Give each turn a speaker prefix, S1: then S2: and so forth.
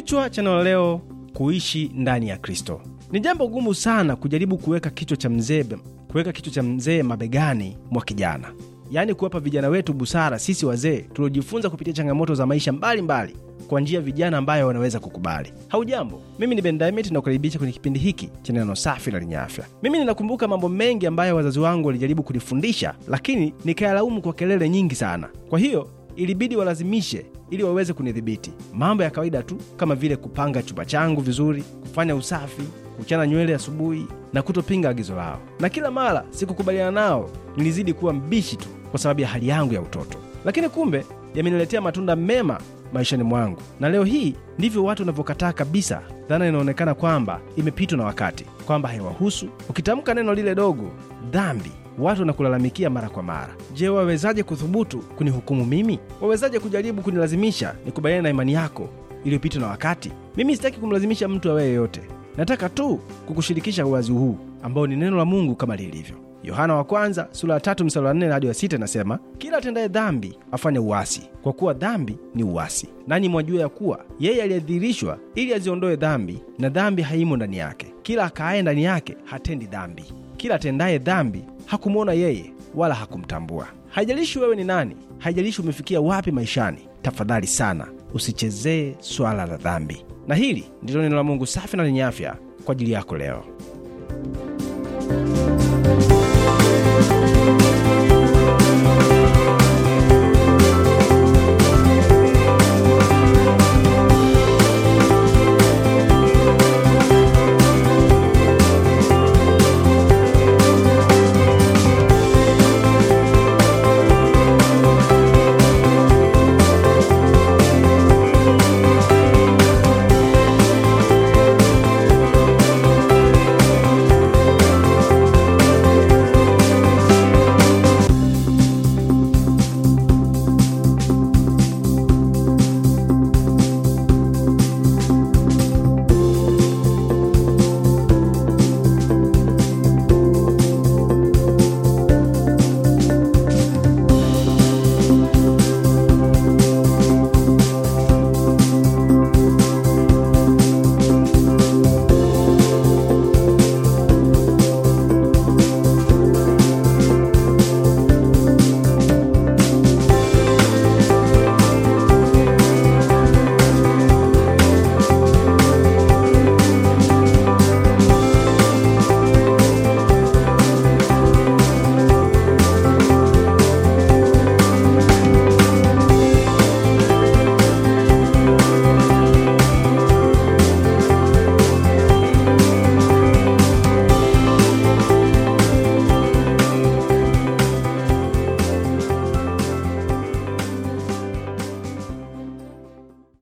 S1: Kichwa cha neno leo, kuishi ndani ya Kristo. Ni jambo gumu sana kujaribu kuweka kichwa cha mzee kuweka kichwa cha mzee mabegani mwa kijana, yaani kuwapa vijana wetu busara sisi wazee tuliojifunza kupitia changamoto za maisha mbalimbali kwa njia ya vijana ambayo wanaweza kukubali. Haujambo, mimi ni Ben nakukaribisha kwenye kipindi hiki cha neno safi na lenye afya. Mimi ninakumbuka mambo mengi ambayo wazazi wangu walijaribu kunifundisha, lakini nikayalaumu kwa kelele nyingi sana. Kwa hiyo ilibidi walazimishe ili waweze kunidhibiti. Mambo ya kawaida tu kama vile kupanga chumba changu vizuri, kufanya usafi, kuchana nywele asubuhi na kutopinga agizo lao. Na kila mara sikukubaliana nao, nilizidi kuwa mbishi tu kwa sababu ya hali yangu ya utoto, lakini kumbe yameniletea matunda mema maishani mwangu, na leo hii ndivyo watu wanavyokataa kabisa dhana inaonekana kwamba imepitwa na wakati, kwamba haiwahusu. Ukitamka neno lile dogo dhambi watu wanakulalamikia mara kwa mara. Je, wawezaje kuthubutu kunihukumu mimi? Wawezaje kujaribu kunilazimisha nikubaliane na imani yako iliyopitwa na wakati? Mimi sitaki kumlazimisha mtu awe yoyote, nataka tu kukushirikisha uwazi huu ambao ni neno la Mungu kama lilivyo. Yohana wa kwanza sura ya tatu mstari wa nne hadi wa sita inasema, kila atendaye dhambi afanye uwasi kwa kuwa dhambi ni uwasi Nanyi mwajua ya kuwa yeye aliyedhihirishwa ili aziondoe dhambi, na dhambi haimo ndani yake. Kila akaaye ndani yake hatendi dhambi, kila atendaye dhambi hakumwona yeye wala hakumtambua. Haijalishi wewe ni nani, haijalishi umefikia wapi maishani, tafadhali sana usichezee swala la dhambi. Na hili ndilo neno la Mungu safi na lenye afya kwa ajili yako leo.